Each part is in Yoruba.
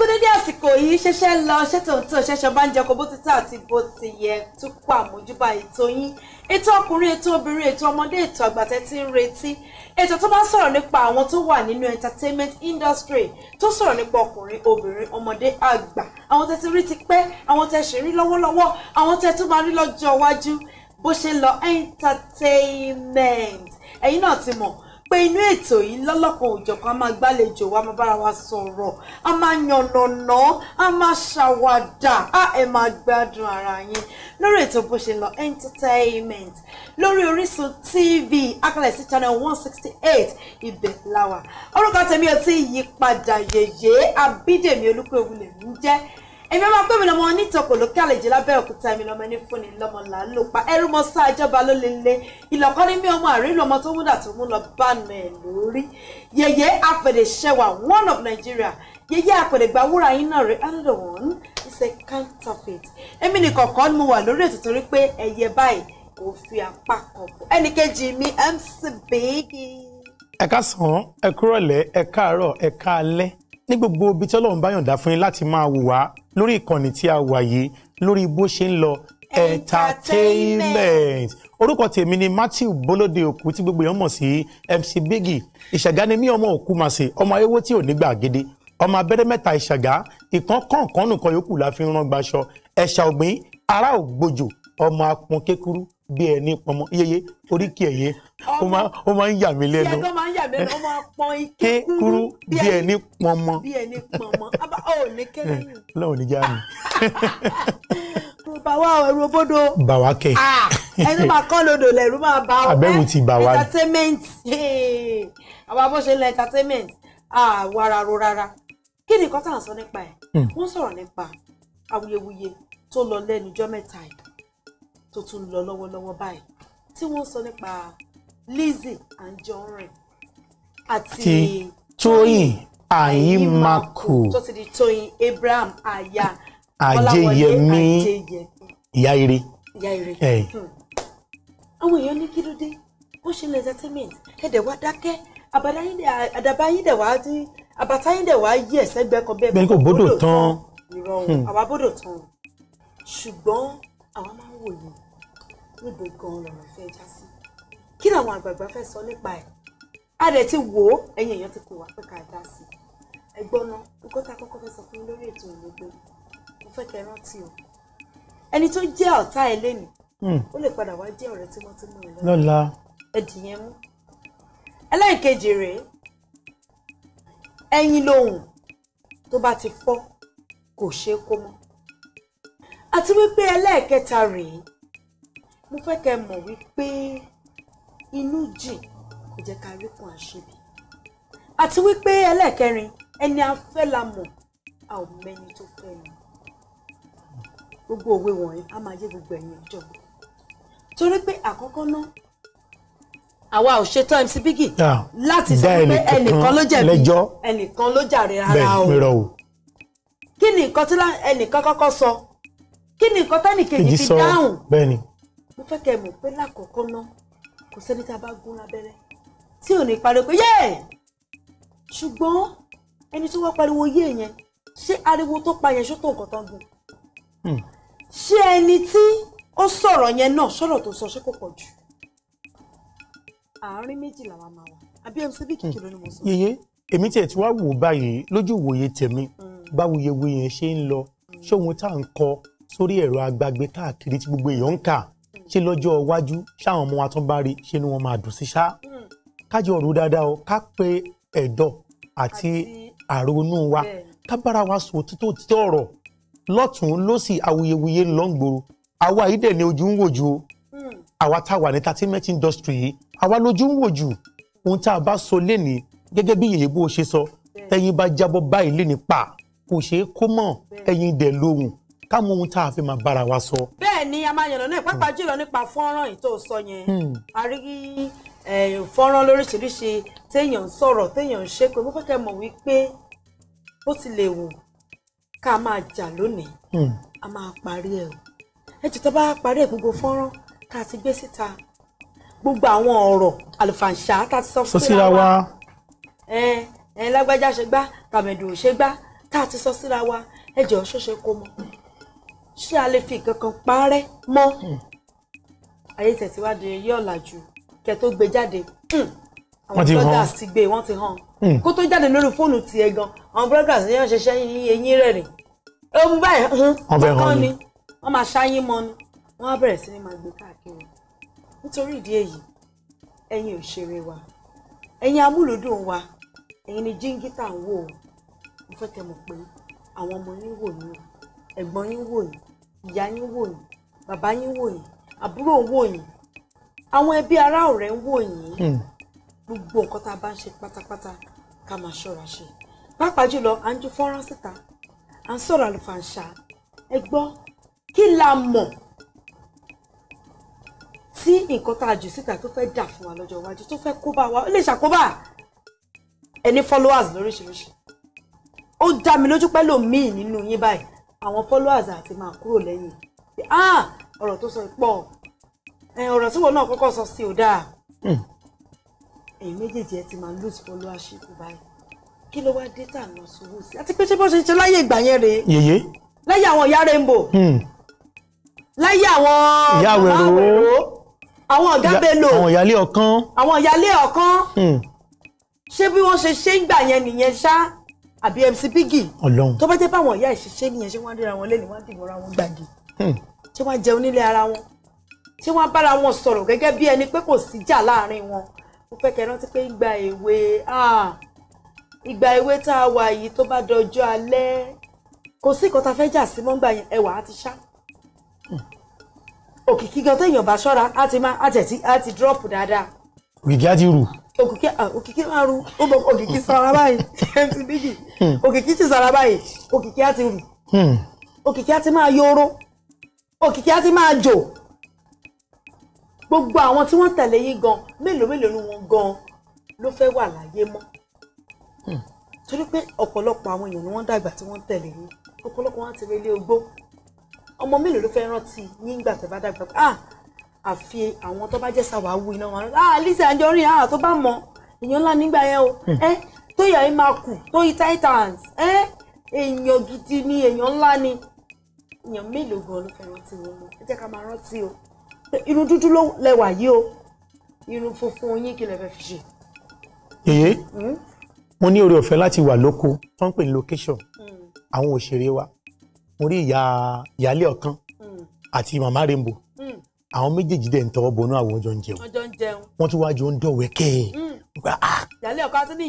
kú dédé àsìkò yìí ṣẹ̀ṣẹ̀ lọ ṣètò tó ṣẹ̀ṣẹ̀ bá ń jẹ kó bó ti tà àti bó ti yẹ tó kó àmójúbà ètò yín ètò ọkùnrin ètò obìnrin ètò ọmọdé ètò àgbàtẹ́ tí ń retí ètò tó bá ń sọ̀rọ̀ nípa àwọn tó wà nínú entertainment industry tó sọ̀rọ̀ nípa ọkùnrin obìnrin ọmọdé àgbà àwọn tẹ́ ti rí ti pẹ́ àwọn tẹ́ ṣì ń rí lọ́wọ́lọ́wọ́ àwọn tẹ́ tún máa rí lọ́jọ́ iwájú bó ṣe lọ entertainment ẹ̀yin náà ti mọ̀ pé inú ètò yìí lọ́lọ́kan òjọ̀kan a máa gbàlejò wa máa bára wa sọ̀rọ̀ a máa yànnàná a máa ṣàwàdà a ẹ̀ máa gbádùn ara yín lórí ètò bó ṣe lọ entertainment lórí Orísun TV akálẹ̀ sí channel one sixty eight ibẹ̀ láwà orúkọ tèmi ò tí ì yí padà yèyé Abídèmí Olúkúewú lèmi ń jẹ́ èmi ọmọ pé mi lọmọ onítọ̀kọ̀ lókè àlejò lábẹ́ òkúta èmi lọmọ ẹni fúnni lọmọ là ń lò ẹrú mọ sá ìjọba ló lele ìlọ̀kọ́ ní mi ọmọ àrílù ọmọ tó múdà tó mú lọ bá nà ẹ̀ lórí yèyé afẹ̀dẹ̀ṣẹwà one of Nigeria yèyé àpẹ̀dẹ̀gbà wúrà yín náà rẹ̀ another one is a counterfeit èmi nìkan kọ́ mu mo wà lórí ètò torí pé ẹ̀yẹ báyìí kò fi apá kan bọ̀ ẹnì kejì mi MC Biggy. ẹ káàsán ẹ kúrọ̀lẹ́ ẹ káàárọ̀ ẹ káalẹ́ ní gbogbo ibi tí Ọlọ́run bá yọ̀ǹda fún yín láti máa wùwà lórí ìkànnì tí a wà yìí lórí bó ṣe ń lọ entertainment orúkọ tèmi ni matthew bolóde òkú tí gbogbo èèyàn mọ̀ sí mc biggy ìṣàgá ni mí ọmọ òkú máa ṣe ọmọ ayéwó tí ò ní gbàgede ọmọ abẹ́rẹ́ mẹ́ta ìṣàgá ìkan kọ̀ọ̀kan nìkan yòókù la fi ń rán gbaṣọ ẹ̀ṣà ọ̀gbìn ará ògbójò ọmọ apọn kékeré bí ẹni pọnmọ yeye oríkì ẹyẹ ó máa ń yà mí lẹ́nu yàtọ̀ máa ń yà mí lẹ́nu ó máa pọn ike kúrú bí ẹni pọnmọ bí ẹni pọnmọ abá eh, ò ní kẹ́lẹ́ yìí lọ́wọ́ ní jáàmù. bàwa ẹrù obodo bàwa kẹ ẹnu máa kọ́ lodò lẹ́rú máa bá ọ abẹ́rù ti bà wá entertainment àwọn abó ṣe ń entertainment àwọn ara ro rárá kí ni nǹkan tá à ń sọ nípa ẹ̀ hmm. wọ́n sọ̀rọ̀ nípa awuyewuye tó lọ lẹ́nu jọ́ yìí tó tún lọ lọ́wọ́lọ́wọ́ báyìí tí wọ́n sọ nípa Lizzy Anjorin àti Tóyìn Àyìnmákù tó ti di Tóyìn Abraham aya Ajéyẹmí ìyá ire. ìyá ire hmm. àwọn èèyàn ní kí ló dé wọ́n ṣe entertainment kẹ́dẹ̀ wá dákẹ́ àdàbà yín dẹ̀ wá dí àbàtà yín dẹ̀ wá yí ẹ̀sẹ̀ gbẹ́kọ̀ bẹ́ẹ̀ kò bódò tán ìrọ̀rùn àwa bódò tán ṣùgbọ́n àwa máa wò yìí níbo gan-an lọ̀rọ̀ fẹ́ já sí kí làwọn àgbààgbà fẹ́ sọ nípa ẹ̀ a dẹ̀ ti wò ó ẹ̀yin èèyàn ti kò wá pé ká dá sí ẹ gbọ́ ná nǹkan tá a kọ́kọ́ fẹ́ sọ fún mi lórí ètò ìlógbó mo fẹ́ kẹ́ rántí o ẹni tó jẹ́ ọ̀tá ẹ lẹ́nu hmm. ó lè padà wá jẹ́ ọ̀rẹ́ tímọ́tímọ́ ẹ lọ́la ẹ̀dìyẹn mú ẹlẹ́ẹ̀kejì rèé ẹyin lohùn tó bá ti fọ́ kò ṣeé kó mọ́ àti wípé ẹlẹ́ẹ̀kẹta rèé mo fẹ́ kẹ́ mọ̀ wípé inú jìn kò jẹ́ ká rí kan àṣebí àti wípé ẹlẹ́ẹ̀kẹrin ẹni afẹ́ la mọ̀ a ò mẹ́ni tó fẹ́ ni gbogbo òwe wọ̀nyí a máa yé gbogbo ẹ̀yin ọjọ́ torí pé àkọ́kọ́ náà àwa ò ṣetán MC Bigi. láti sọ pé ẹnìkan ló jẹ̀bi ẹnìkan ló jàre rárá o kí ni nǹkan tí ẹnìkan kọ́kọ́ sọ kí ni nǹkan tẹ́nì kejì fi dáhùn bẹ́ẹ̀ni mo fẹ́ kẹ́ mọ̀ pé lákọ̀ọ́kọ́ náà kò sẹ́ni tá a bá gún lábẹ́rẹ́ tí ò ní pariwo pé yéè ṣùgbọ́n ẹni tó wá pariwo yéè yẹn ṣé ariwo tó pa yẹn ṣó tó nǹkan tán gùn hmm. ṣé ẹni tí ó sọ̀rọ̀ yẹn náà sọ̀rọ̀ tó sọ ṣé kò pọ̀ jù àárín méjì làwa máa wà àbí mc bí kìkì hmm. ló mo sọ. yeye èmi tiẹ̀ tí wàá wò báyìí lójú ìwòye tèmi hmm. báwo yewé yẹn ṣe ń lọ ṣé ohun tá à ń kọ sórí ẹ̀rọ agbágbé káàkiri tí gbogbo èèyàn ń kà ṣé lọ́jọ́ iwájú ṣáwọn ọmọ wa tó bá rí ṣé ni wọ́n máa dùn sí ṣá kájọ ọ̀rọ̀ dáadáa o ká pe ẹ̀dọ̀ àti àrònú wa ká bára wa sọ òtítọ́ òtítọ́ ọ̀rọ̀ lọ́tún lọ́sì awuyewuye ńlọ́ngboro àwa yìí dẹ̀ ni ojú ń wòjú o hmm. àwa tá a wà ní entertainment industry yìí àwa lójú ń wòjú ohun tá a bá sọ lénìí gẹ́gẹ́ bí yèyé bó o ṣe sọ tẹ́yin bá jábọ́ báyìí lénìí pa kò ṣeé kó mọ̀ ẹ̀yin dẹ̀ lóhùn ká mọ ohun tá a fi máa bára wa sọ. bẹ́ẹ̀ ni a máa yànnà náà pàápàá hmm. jùlọ nípa fọ́nrán yìí tó sọ yẹn hmm. a rí fọ́nrán lóríṣiríṣi téèyàn ń sọ̀rọ̀ téèyàn ń ṣe pé mo fẹ́ kẹ́ mọ̀ wípé bó ti lè wù ká máa jà lónìí hmm. a máa parí ẹ̀ ẹ jù tó bá parí ẹ̀ gbogbo fọ́nrán ká ti gbé síta gbogbo àwọn ọ̀rọ̀ àlùfàǹṣá tá a ti sọ síra wa ẹ lágbájá ṣe gbá tàmẹ̀dù ṣe gbá tá ti sọ síra wa ẹ jẹ́ ọ́ kó mọ́ ṣé a lè fi nǹkan parẹ́ mọ́ hmm. ayé tẹ̀síwájú yé ọ̀làjú kẹ́ tó gbé jáde hmm. àwọn brothers ti gbé wọ́n ti hàn hmm. kó tó jáde lórí fóònù tiẹ̀ gan àwọn brothers yẹn ṣẹṣẹ́ eyín rẹ̀ rìn ohun báyìí kọ́kọ́ ni wọ́n máa ṣáyín mọ́ ni wọ́n á bẹ̀rẹ̀ sí ni máa gbé káàkiri nítorí ìdí èyí ẹ̀yin òṣèré wa ẹ̀yin amúlùdùn wa ẹ̀yin ni jíngítà ń wò ó mo fẹ́ kẹ́ mọ̀ pé àwọn ọmọ yín wò ní ẹ̀gbọ́n yín wò ní ìyá yín wò yín bàbá yín wò yín àbúrò wò yín àwọn ẹbí ará ọ̀rẹ́ ń wò yín hmm. gbogbo nǹkan tá a bá ń ṣe pátápátá ká máa ṣọ́ra ṣe pàápàá jùlọ à ń ju fọ́nrán síta à ń sọ̀rọ̀ àlùfàǹṣà ẹ gbọ́ kí la mọ̀ tí nǹkan tá a jù síta tó fẹ́ dà fún wa lọ́jọ́ iwájú tó fẹ́ kóbá wa ó lè ṣàkóbá ẹni followers lóríṣiríṣi ó dá mi lójú pé lòmíì nínú yín báyìí àwọn followers àti máa kúrò lẹ́yìn ah ọ̀rọ̀ tó sọ pọ̀ ọ̀rọ̀ tí wọn náà kọ́kọ́ sọ sí ò dáa hmm. ẹ̀yin méjèèjì ẹ ti máa lose followership báyìí kí ló wá dé tà lọ sówó sí àti pé ṣé bó ṣe ṣe láyé ìgbà yẹn rèé yèyé láyé àwọn ìyá rainbow hmm. láyé àwọn ìyá àwọn ọ̀gá bello àwọn ìyálé ọ̀kan àwọn ìyálé ọ̀kan hmm. ṣé bí wọ́n ṣe ṣe ń gbà yẹn nìyẹn ṣáá àbí MC Biggy tó bá jẹ́ báwọn ìyá ìṣiṣẹ́ nìyẹn hmm. ṣé wọ́n á wọn lẹ́nu wọ́n dìbò ra wọn gbàgì ṣé wọ́n jẹun nílé ara wọn ṣé wọ́n bára wọn sọ̀rọ̀ gẹ́gẹ́ bí ẹni pé kò síjà láàrin wọn mo fẹ́ kẹ́ rántí pé ìgbà èwe ah, ìgbà èwe tá a wà yìí tó bá dọjọ́ alẹ́ kò sí nǹkan tá jà sí mọ́ngbà yẹn ẹwà á ti ṣá hmm. òkìkí gan téèyàn bá ṣọ́ra á ti má á tẹ̀ á ti dírọ́pù dáadáa. òkìkí á ti rù òkìkí òkìkí máa ru ó bọ òkìkí sara báyìí mc bigi hmm. òkìkí ti sara báyìí òkìkí á ti rù hmm. òkìkí á ti máa yóró òkìkí á ti máa jò gbogbo àwọn tí wọ́n tẹ̀lé yín gan mélòó mélòó ni wọ́n gan ló fẹ́ wà láyé mọ́ hmm. torí pé ọ̀pọ̀lọpọ̀ àwọn èèyàn ni wọ́n dàgbà tí wọ́n tẹ̀lé yín ọ̀pọ̀lọpọ̀ wọn ti relé ogbó ọmọ mélòó ló fẹ́ rántí yín gbà bá dàgbà ah àfi àwọn tó bá jẹ́ sàwáwú iná wọn ah Lizzy Anjorin ah tó bá mọ èèyàn ńlá nígbà yẹn o ẹ hmm. eh, tó yà ẹ máa kù tó yí titans ẹ eh, èèyàn gidi ni èèyàn ńlá ni èèyàn mélòó gan ló fẹ́ rántí wọn mọ́ ẹ jẹ́ ká máa rántí o irun dúdú ló lẹwà yìí o irun funfun yín kí lè fẹ́ fi ṣe. èyí hmm? mo ní oore ọ̀fẹ́ láti wà lóko tó ń pè ní location hmm. àwọn òṣèré wa mo rí ìyá ìyálé ọ̀kan àti màmá rainbow àwọn méjèèjì dẹ̀ ń tọwọ́ bọnú àwọn ọjọ́ ń jẹun ọjọ́ ń jẹun wọ́n tún wájú ń dọ̀wẹ́ kẹ́yìn gba mm. ah ìyálé ọkọ àti ní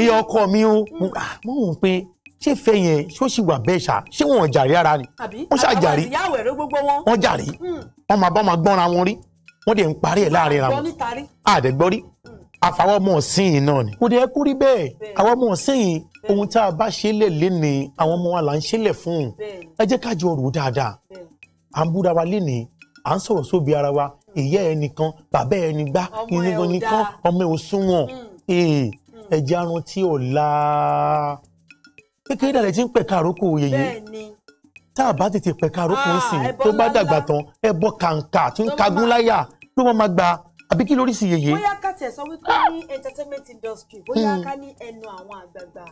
ìyá ọkọ mi o mo mọ̀ mm. ah! pé ṣé fẹ́ yẹn ṣó sì wà bẹ́ẹ̀ ṣá ṣé wọ́n jàrí ara ni wọ́n ṣá jàrí wọ́n jàrí mm. wọ́n máa bá máa gbọ́nra wọn rí wọ́n dẹ̀ ń parí ẹ̀ láàrin ra wọn àdẹ́gbọ́rí àfàwọn ọmọ ọ̀sìn yìí náà ni. kò dé kú rí bẹ́ẹ̀ àwọn ọmọ ọ̀sìn yìí ohun tá a bá ṣe lẹ̀ lénìí àwọn ọmọ wa là ń ṣe lẹ̀ fún un ẹ jẹ́ ká jọ rò ó dáadáa à ń búra wa lénìí à ń sọ̀rọ̀ sóbi ara wa ìyá ẹnìkan bàbá ẹni gbá ìnìkan nìkan ọmọ ẹ̀ ò súnwọ̀n ẹ̀jẹ̀ arun tí ò hmm. hmm. la kékeré dàdẹ tí ń pẹ̀ka àrókò yèyí tá a bá tètè pẹ̀ka àrókò ah, ń sìn tó bá dàgbà tán ẹ bọ́ kàǹkà tí ń kagún láyà ló máa gba àbí kí lórí sì yèyé. bóyá ká tẹ̀ wípé ah! ní entertainment industry bóyá hmm. ká ní ẹnu àwọn àgbààgbà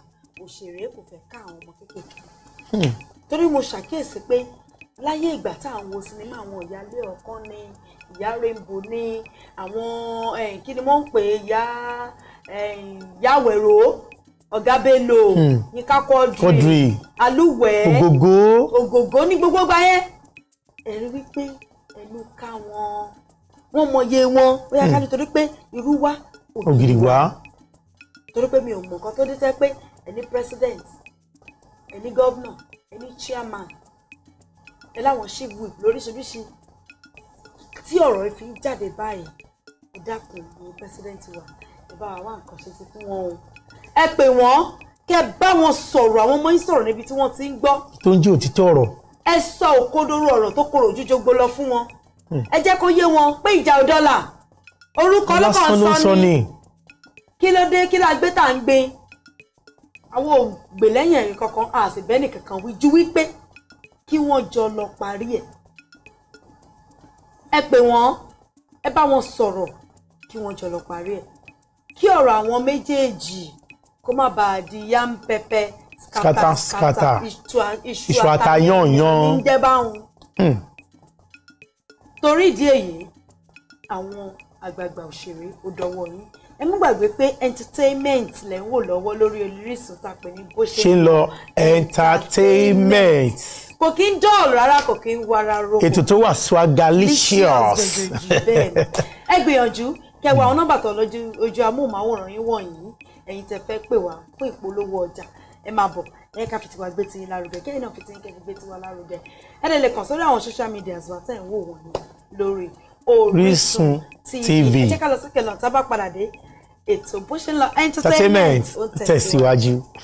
òṣèré kò fẹ́ ká àwọn ọmọ kékeré torí mo ṣàkíyèsí pé láyé ìgbà tá à ń wo sinimá àwọn ìyáálé ọ̀kan ni ìyá rainbow ni àwọn eh, kí ni wọ́n ń pè é ìyá eh, yàwẹ̀rọ ọ̀gá bello yínká kọ́dùrì alúwẹ̀ ògògó ògògó ní gbogbo ọgbà yẹn ẹ̀rí wípé ẹnu ká wọn wọ́n mọye wọn ó yà ká hmm. nítorí pé irú wa ògiri wa torí pé mi ò mọ̀ nǹkan tó dé tẹ́ pé ẹni president ẹni governor ẹni chairman ẹ láwọn ṣe wù lóríṣiríṣi tí ọ̀rọ̀ fi ń jáde báyìí ẹ dákun ní pẹ́sidẹ́ǹtì wa ẹ bá wa wá nǹkan ṣe sí fún wọn o ẹ pè wọ́n kẹ́ bá wọn sọ̀rọ̀ àwọn ọmọ yín sọ̀rọ̀ níbi tí wọ́n ti ń gbọ́. tó ń jẹ́ òtítọ́ ọ̀rọ̀. ẹ sọ òkodoro ọ̀rọ̀ tó korò ojújogbo lọ fún wọn hmm. ẹ jẹ́ kó yé wọn pé ìjà ò dọ́là orúkọ ọlọ́kàn sọ ni kí ló dé kí ló agbé tá ń gbé àwọn ògbè lẹ́yìn ẹ̀yìn kankan àti kankan wíjú wípé kí wọ́n jọ lọ parí ẹ̀ ẹ pè wọ́n ẹ bá wọn sọ̀rọ̀ kí wọ́n jọ lọ parí ẹ̀ kí ọ̀rọ̀ àwọn méjèèjì kó má bàa di yam pẹpẹ skata skata iṣu àtàyàn yan ń hmm. torí ìdí èyí àwọn àgbààgbà òṣèré ó dọwọ́ yín ẹ mú gbàgbé pé entertainment lẹ ń wò lọ́wọ́ lórí Orísun tá a pè ní bó ṣe ń lọ entertainment kò kí ń dọ́ọ̀lù rárá kò kí ń wara roko ètò tó wà swagalicious ẹ gbìyànjú kẹwàá àwọn nọ́mbà tó lójú ojú amóhùnmáwòrán yín wọ̀nyí ẹ̀yin tẹ́ fẹ́ pè wá fún ìpolówó ọjà ẹ máa bọ̀ ẹ ká fi tiwa gbé tiyín lárugẹ kẹ́yìn náà fi tiyín kẹ́ fi gbé tiwa lárugẹ ẹ lè lè kàn sórí àwọn social media wa tẹ́ ń wò wọ́n lórí Orísun TV ẹ jẹ́ ká lọ sókè lọ tá a bá padà dé ètò bó ṣe ń lọ entertainment ó